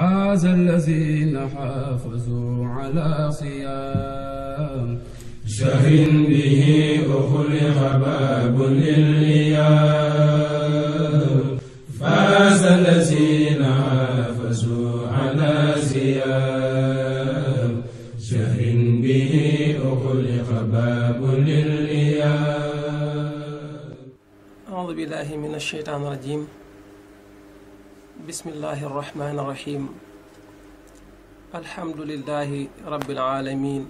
هذا الذين حافظوا على صيام شهر به أخلق باب للإيام فاز الذين حافظوا على صيام شهر به أخلق باب للإيام أعوذ بالله من الشيطان الرجيم bismillahi arrahmani irrahim alhamdulilahi rabilalamin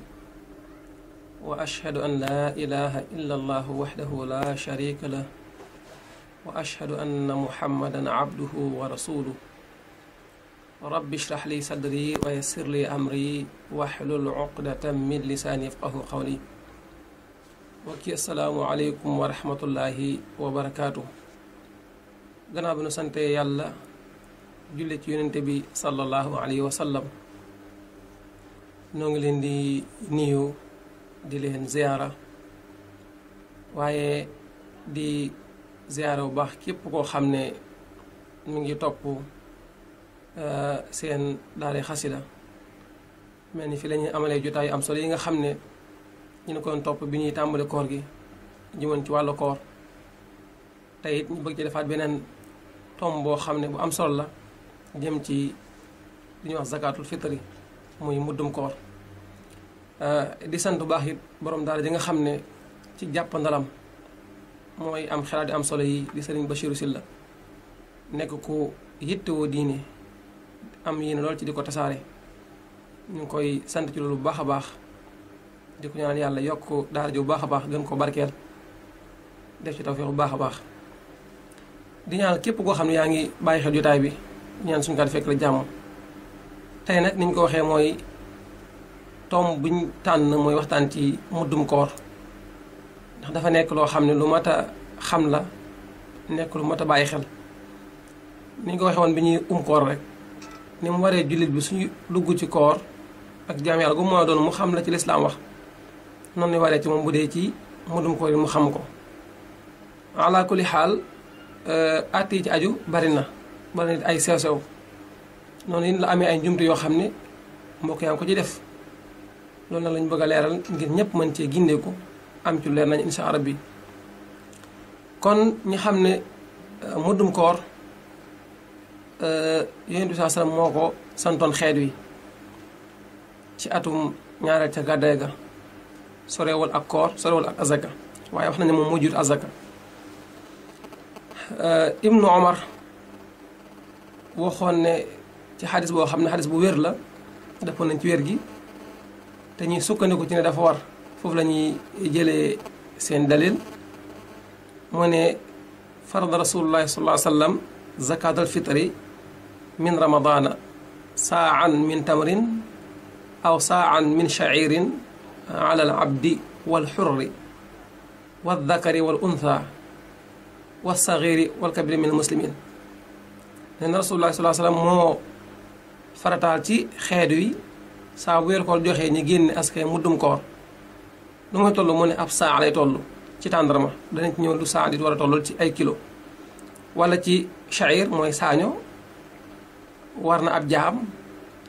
wa ashhadu an laa ilaha illa allahu waxdahu la sharika lah wa ashhadu anna muhammadan abduhu wa rasuluh rabbi ishrah li sadri wa yassir li amri wahlul uqdatan min lisaani yafqahu qawli wakki assalaamu aleykum wa rahmatullahi wa barakaatu gannaaw bi nu sante yàlla jullit ci yonente bi sallallahu alayhi wa sallam noo ngi leen di niyu di leen ziyaara waaye di ziyaara bu baax képp koo xam ne mu ngi topp uh, seen daari xasida mel ni fi lañuy amalee jotaay am solo yi nga xam ne ñu ne koon topp bi ñuy tàmbali koor gi jëmoon ci wàllu koor te it ñu bëgg ci defaat beneen tomb boo xam ne bu am solo la jëm ci li ñuy wax zakatul fitri muy muddum koor eh, di sant bu baax it boroom daal ji nga xam ne ci jàppandalam mooy am xalaat am solo yi di sëriñ Bachirou la nekk ku yittewoo diine am ne lool ci di ko tasaare ñu ngi koy sant ci loolu bu baax a baax di ko ñaan yàlla yokk daara ji bu baax a baax gën ko barkeel def ci tawfeex bu baax a baax di ñaan képp koo xam ne yaa ngi bàyyi xel jotaay bi ñaan suñu kàddu fekk la jàmm tey nag niñ ko waxee mooy tomb buñ tànn mooy waxtaan ci muddum koor ndax dafa nekk loo xam ne lu mat a xam la nekk lu mat a bàyyi xel ni ko waxee woon bi ñuy um koor rek ni mu waree jullit bi suñu dugg ci koor ak jaam yàlla gu mu doon mu xam la ci lislaam wax noonu la waree ci moom bu dee ci muddum koor yi mu xam ko ala kulli xaal àtt euh, yi ci aju bari na wala nit ay sew sew noonu it la amee ay njumte yoo xam ne mbokk yaa ngi ko ci def loolu na lañu bëgg a leeral ngir ñëpp mañ cee gindee ko am ci leer nañ insha Allah bi kon ñi xam ne euh, muddum koor euh, yonent bi saa salaam moo ko santoon xeet wi ci atum ñaareel ca gàddaay ga sorewul ak koor sorewul ak azaka waaye wax na ne moom moo jiitu azaka euh, ibnu omar waxoon ne ci xadis boo xam ne xadis bu wér la defoon nañ ci wér gi te ñuy sukkandiku ci ne dafa war foofu la ñuy jëlee seen dalil mu ne farada rasulullahi sallallahu alayhi wa sallam zakat al fitri min ramadana saan min tamrin aw saan min shacirin ala wal xurri wal dakari wal untha wal sagiri wal kabiri min al muslimin nee na rasulullah sallallahu moo farataal ci xeetu yi saa bu weer koor joxee ñu génne askay muddum koor nu muy toll mu ne ab saa lay toll ci tàndarma danañ ci ñëw lu saa di war a toll ci ay kilo wala ci sha'ir mooy saaño war na ab jaam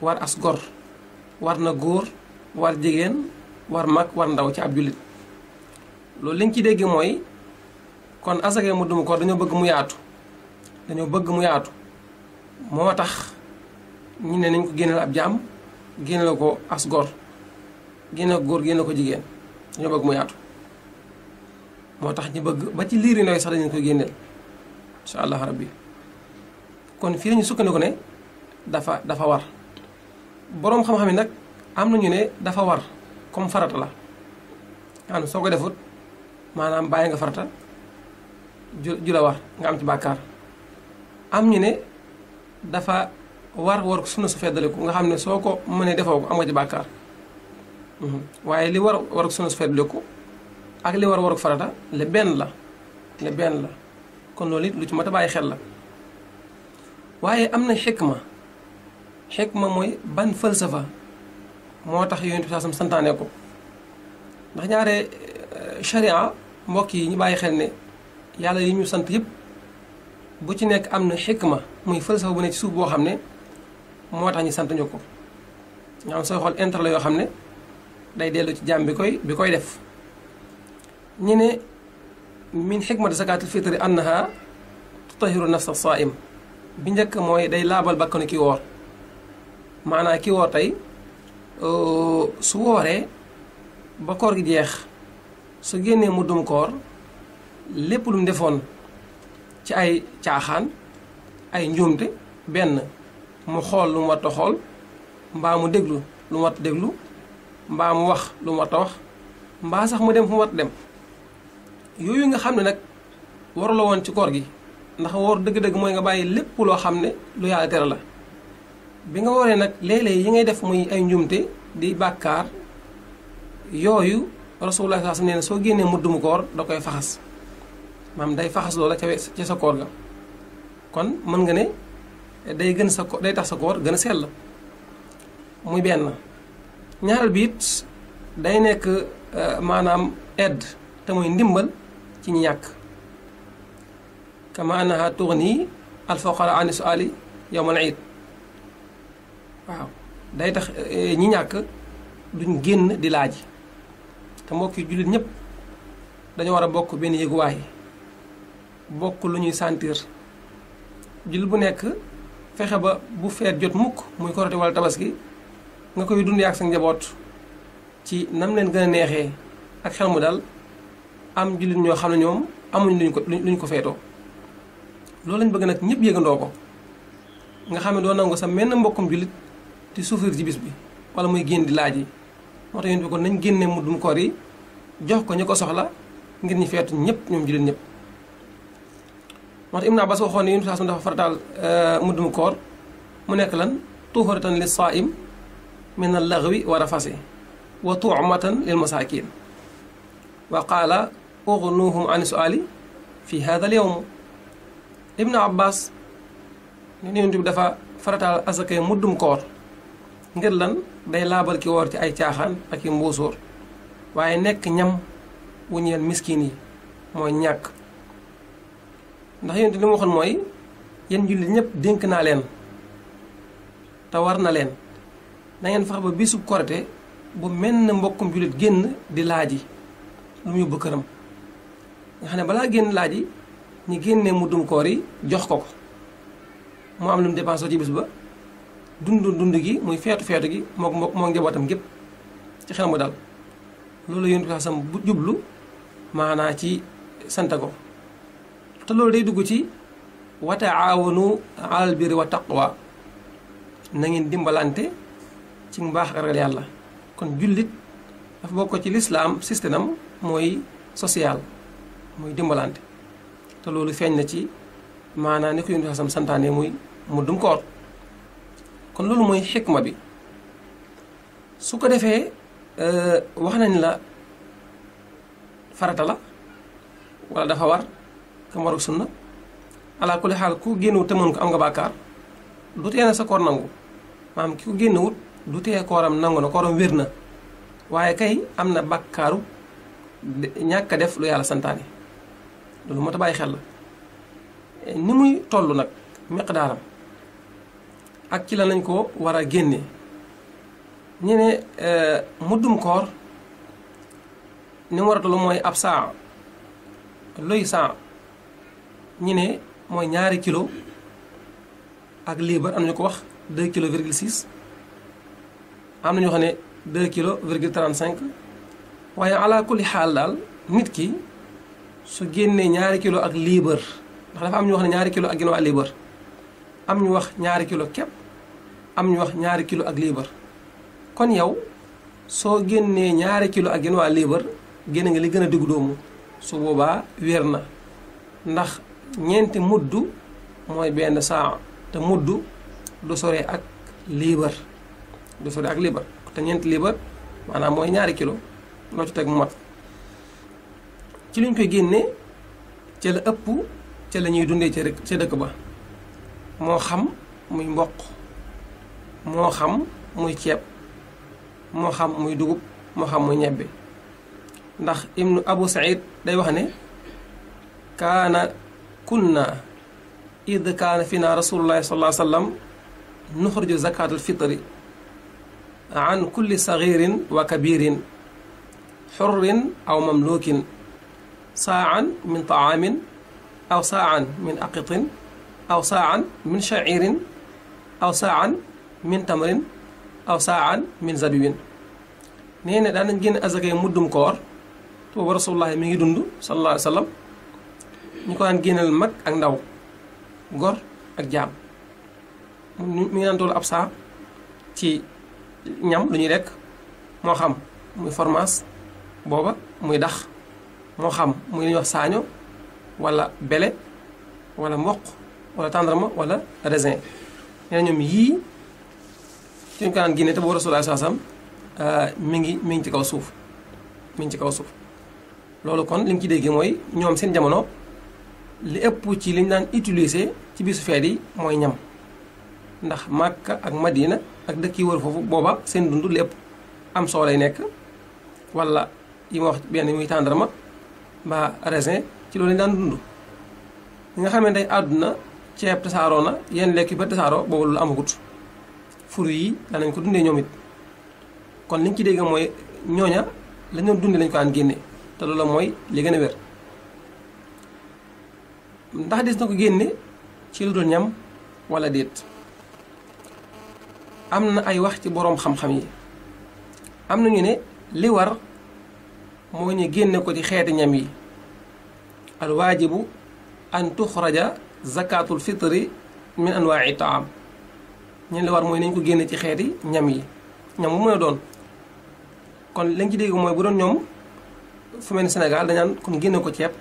war as gor war na góor war jigéen war mag war ndaw ci ab jullit loolu liñ ci dégg mooy kon asakay muddum koor dañoo bëgg mu yaatu dañoo bëgg mu yaatu moo tax ñu ne nañ ko génneel ab jaam génneel ko as góor génneel góor génneel ko jigéen dañoo bëgg mu yaatu moo tax ñi bëgg ba ci liir yu sax dañu koy génneel incha allah rabbi kon fii lañu sukkandiku ne dafa dafa war boroom xam-xam yi nag am nañu ne dafa war comme farata la maanaam soo ko defut maanaam bàyyi nga farata ju ju la war nga am ci bàkkaar am ñu ne dafa war war ko sunna su feddaliku nga xam ne soo ko mënee defoo ko am nga ci bàkkaar mhm. waaye li war war ko sunna su feddaliku ak li war war ko farata le benn la le benn la kon loolu it lu ci mat a bàyyi xel la waaye am na xikma xikma mooy ban falsafa moo tax yonent bi saasam santaane ko ndax ñaare eh, sharia mbokk yi ñu bàyyi xel ne yàlla yi ñu sant yëpp bu ci nekk am na xikma muy falsafa bu ne ci suuf boo xam ne moo tax ñu sant ko nga xam sooy xool intérêt la yoo xam ne day dellu ci jaam bi koy bi koy def ñu ne min xikmati zakaatul fitri annaha tutahiru nafsa saim bi njëkk mooy day laabal bakkanu ki woor maanaa ki woor tey euh, su wooree ba koor gi jeex su génnee muddum koor lépp lu defoon ci ay caaxaan ay njuumte benn mu xool lu mu war xool mbaa mu déglu lu mu war déglu mbaa mu wax lu mu war wax mbaa sax mu dem fu mu war dem yooyu nga xam ne nag warula woon ci koor gi ndax woor dëgg-dëgg mooy nga bàyyi lépp loo xam ne lu yàlla tere la bi nga waree nag léeg yi ngay def muy ay njuumte di bàkkaar yooyu rasulullah sallallahu alayhi neen soo génnee mudd mu koor da koy faxas maam day faxas loola ca ca sa koor ga kon mën nga ne day gën sa ko day tax sa koor gën a sell muy benn ñaareel bi it day nekk eh, maanaam edd te muy ndimbal ci ñi ñàkk kama annaha tughni al fuqara an su'ali yawmal iid waaw day tax eh, ñi ñàkk duñ génn di laaj te mbokk jullit ñëpp dañu war a bokk benn yëguwaay bokk lu ñuy sentir jul bu nekk fexe ba bu feet jot mukk muy korite walla tabaski nga koy dundee ak sa njaboot ci nam leen gën a neexee ak xel mu dal am jullit ñoo xam ne ñoom amuñ luñ ko ko feetoo loolu lañ bëgg nag ñëpp yëgandoo ko nga xam ne doo nangu sa menn mbokkum jullit di souffrir ci bi wala muy génn di laaj yi moo tax yéen bi kon nañ génne mu muddum koor yi jox ko ñu ko soxla ngir ñi feetu ñëpp ñoom jullit ñëpp moo tax Ibn Abbas waxoon ne yéen saa dafa farataal euh, muddum koor mu nekk lan tuufaratan li saaim min al wa rafasi wa tuumatan lil masaakin wa qaala ugnuhum an suali fi hada al yowm Ibn Abbas ne yonent bi dafa farataal asakay muddum koor ngir lan day laabal ki ci ay caaxaan ak i mbuusóor waaye nekk ñam wu ñeel miskin yi mooy ñàkk ndax yonent li mu waxoon mooy yéen jullit ñëpp dénk naa leen te war na leen na ngeen fexe ba bisub korite bu mel ne mbokkum jullit génn di laaji lu mu yóbbu këram nga xam ne balaa génn laaj yi ñu génnee mu dum koor yi jox ko ko mu am lu mu dépensé ci bis ba dund dund gi muy feetu feetu gi moo moo moo gépp ci xel mu dal loolu yonent bi sam bu jublu maanaa ci sant ko te loolu day dugg ci wa taawanu alal birri wa taqwa na ngeen dimbalante ci mbaax ragal yàlla kon jullit dafa bokk ci lislaam système mooy social mooy dimbalante te loolu feeñ na ci maanaam ni ko yonent sam santaane muy mu dum koor kon loolu mooy xikma bi su ko defee euh, wax nañ la farata la walla dafa war kam waru sunna alaa kulli xaal ku génnewut te mën ko am nga bàkkaar du tee na sa koor nangu maanaam ki ku génnewut du tee kooram nangu na kooram wér na waaye kay am na bàkkaaru ñàkk a def lu yàlla santaane loolu moo tax bàyyi xel la ni muy toll nag meq miqdaaram ak ci la nañ ko war a génne ñu eh, muddum koor ni mu war a toll mooy ab saa luy saa ñi ne mooy ñaari kilo ak liibar am na ñu ko wax 2 kilo virgule 6 am na ñoo xam ne 2 kilo virgule 35 waaye ala kulli xaal daal nit ki su génnee ñaari kilo ak liibar ndax dafa am ñu wax ne ñaari kilo ak ginnaaw ak liibar am ñu wax ñaari kilo képp am ñu wax ñaari kilo ak liibar kon yow soo génnee ñaari kilo ak ginnaaw ak liibar génne nga li gën a diggu doomu su boobaa wér na ndax ñeenti mudd mooy benn saa te mudd du sore ak liibar du sore ak liibar te ñeenti liibar maanaam mooy ñaari kilo loo teg mu mat ci liñ koy génnee ca la ëpp ca la ñuy dundee ca ca dëkk ba moo xam muy mboq moo xam muy ceeb moo xam muy dugub moo xam muy ñebbe ndax ibnu abu saïd day wax ne kaana kunna id kaana fi na rasulullahi sallallahu alayhi wa sallam nuxriju zakatul fitri an kulli sagirin wa kabirin xurrin aw mamlukin saan min taamin aw saan min aqitin aw saan min shacirin aw saan min tamrin aw saan min zabiwin nee ne daanañ génn azakay muddum koor tuba rasulullahi mi ngi dund sallallahu alayhi wa sallam ñu ko daan génneel mag ak ndaw gor ak jaam mu ngi daan toll ab saa ci ñam lu ñuy lekk moo xam muy fromage booba muy dax moo xam muy li wax saaño walla bele wala mboq wala tàndarma wala raisin nee ñoom yii ci ñu ko daan génne te boo Rasulullah sallam euh, mi ngi mi ngi ci kaw suuf mi ngi ci kaw suuf loolu kon li nga ci déggee mooy ñoom seen jamono li ëpp ci liñ daan utiliser ci bisu feet yi mooy ñam ndax Màkka ak Madina ak dëkk yi war foofu booba seen dund li ëpp am soo lay nekk wala yi ma wax benn muy tàndarma mbaa raisin ci loolu lañ daan dund. li nga xamante ne àdduna ceeb tasaaroo na yenn lekk yu ba tasaaroo boobu loolu amagut furu yi danañ ko dundee ñoom it kon liñ ci dégg mooy ñooña lañ doon dundee lañ ko daan génne te loolu mooy li gën a wér. ndax des na ko génne ci lu dul ñam wala déet am na ay wax ci boroom xam-xam yi am na ñu ne li war mooy ñu génne ko ci xeeti ñam yi al waajibu an tuxraja zakatul fitri min anwaai taam ñun li war mooy nañ ko génne ci xeeti ñam yi ñam bu mën a doon kon lañ ci dégg mooy bu doon ñoom fu mel ni Sénégal dañaan kon génne ko ceeb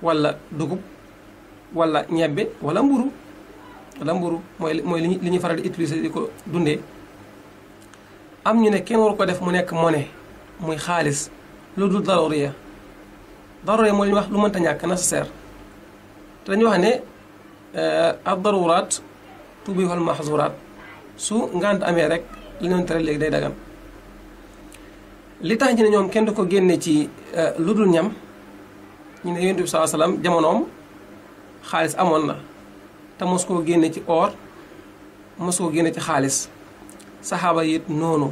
walla dugub wala ñebbe wala mburu wala mburu mooy mooy li ñuy faral di utiliser di ko dundee am ñu ne kenn waru ko def mu nekk monnaie muy xaalis lu dul daruriya daruriya mooy li ñuy wax lu mënta ñàkk nécessaire te dañuy wax ne euh, ad daruraat tubihul mahzuraat su ngant amee rek li ñu tere léegi day dagan li tax ñu ne ñoom kenn du ko génne ci euh, lu dul ñam ñu ne yonent bi saa jamonoom xaalis amoon na te mos koo génne ci or mos koo génne ci xaalis saxaaba yit noonu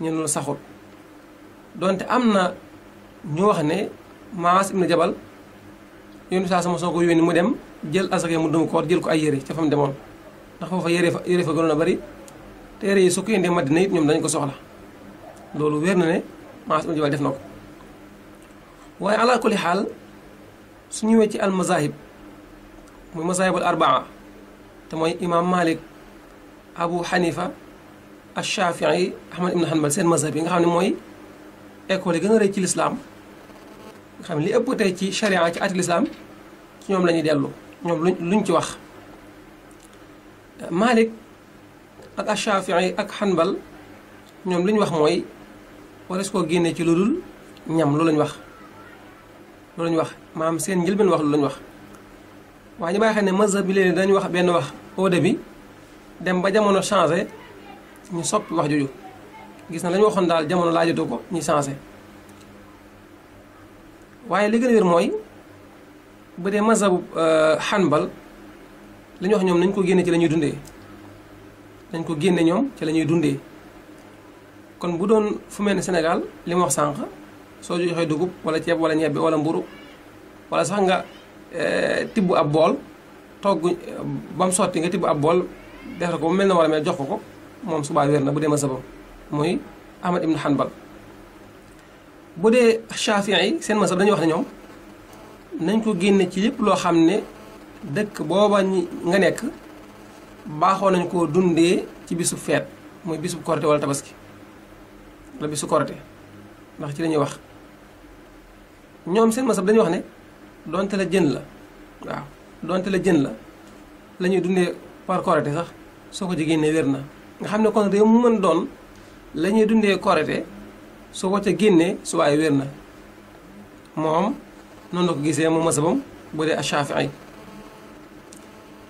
ñu loolu saxut donte am na ñu wax ne Maas ibnu Jabal yónni saa sama soo ko yónni mu dem jël asaka mu dum koor jël ko yére ca fa demoon ndax foofa yére fa yére fa gënoon a bari te yére yi su ko yëndee Madina it ñoom dañ ko soxla loolu wér na ne Maas ibnu Jabal def na ko waaye alaa kulli xaal su ñëwee ci almazahib muy masaahibul arbaa te mooy imaam Malik Abu Hanifa yi Ahmad ibn Hanbal seen mazhab yi nga xam ne mooy école yi gën a rëy ci lislaam nga xam ne li ëpp tey ci sharia ci ati lislaam ci ñoom la ñuy dellu ñoom luñ luñ ci wax Malik ak yi ak Hanbal ñoom li ñu wax mooy wala su ko génnee ci lu dul ñam loolu lañ wax loolu lañ wax maam seen njëlbeen wax loolu lañ wax waaye ñu baaxee ne mazhab bi léegi dañu wax benn wax au bi dem ba jamono changé ñu soppi wax jooju gis na la ñu waxoon daal jamono laajatoo ko ñu changé waaye li gën a wér mooy bu dee mazhabu euh, xanbal li wax ñoom nañ ko génne ci lañuy dundee dañ ko génne ñoom ci lañuy ñuy dundee kon bu doon fu mel ni Sénégal li mu wax sànq soo joxee dugub wala ceeb wala ñebbe wala mburu wala sax nga Eh, tibb ab bool togg bam sotti nga tibb ab bool defar ko ba mel na war a mel jox ko ko moom subaa wér na bu dee masabam muy Ahmad ibn Hanbal bu dee Shafi'i yi seen masab dañuy wax ne ñoom nañ ko génne ci lépp loo xam ne dëkk booba ñi nga nekk baaxoo nañ koo dundee ci bisu feet muy bisu korite wala tabaski wala bisu ndax ci lañuy wax ñoom seen masab dañuy wax ne donte la jën la waaw donte la jën la lañuy dundee par korité sax soo ko jigéen génnee wér na nga xam ne kon réew mu mën doon la ñuy dundee korité soo ko ca génnee su waaye wér na moom noonu la ko gisee moom masabam bu dee Shaafi'i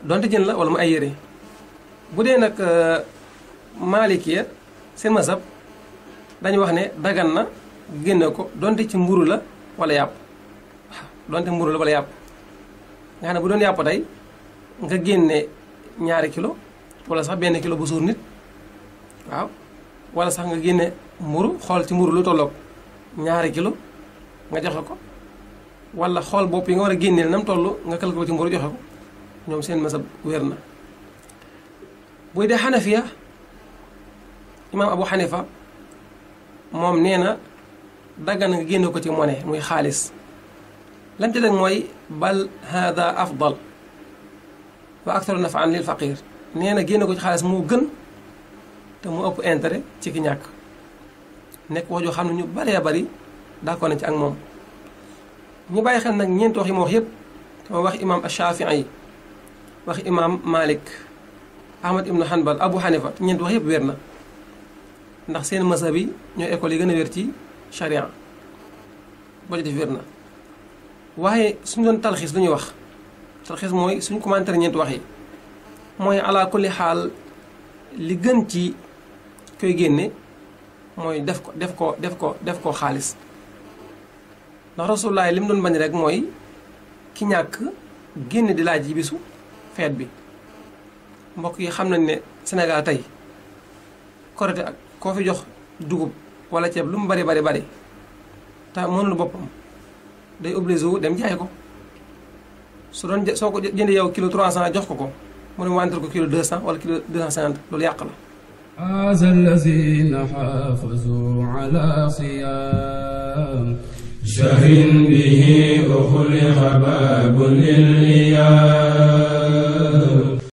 donte jën la wala mu ay yére bu dee nag euh, maalikiya seen masab dañu wax ne dagan na génne ko donte ci mburu la wala yàpp donte mburu la wala yàpp nga xam ne bu doon yàpp tey nga génne ñaari kilo wala sax benn kilo bu suur nit waaw wala sax nga génne mburu xool ci mburu lu tolloog ñaari kilo nga joxe ko wala xool bopp yi nga war a génneel nam toll nga kalko ko ci mburu joxe ko ñoom seen masab wér na buy dee xanafiya imaam abu xanifa moom nee na daggan nga génne ko ci mone muy xaalis lañ ca teg mooy bal hada afdal wa aktaru nafaan lil faqir nee na génne ko ci xaalis moo gën te mu ëpp intérêt ci ki ñàkk nekk wax joo xam ne ñu baree bari d'accord nañ ci ak moom ñu bàyyi xel nag ñeenti wax yi ma wax yëpp te ma wax imaam Shafii yi wax imaam Malik Ahmad ibnu Hanbal Abu Hanifa ñeenti wax yëpp wér na ndax seen mazhab yi ñoo école yi gën a wér ci charia boo ci def wér na waaye suñ doon talxiis lu ñuy wax talxiis mooy suñ commentaire ñeenti wax yi mooy ala kulli xaal li gën ci koy génne mooy def ko def ko def ko def ko xaalis ndax rasulullaay li mu doon bañ rek mooy ki ñàkk génn di laaj yi bisu feet bi mbokk yi xam nañ ne Sénégal tey korite ak koo fi jox dugub wala ceeb lu mu bari bari bari te mënul boppam day obligé wu dem jaay ko su doon soo ko jëndee yow kilo 300 jox ko ko mu ne wantal ko kilo 200 wala kilo 250 loolu yàq la. هذا الذين حافظوا على صيام شهر به أخلق باب للإيام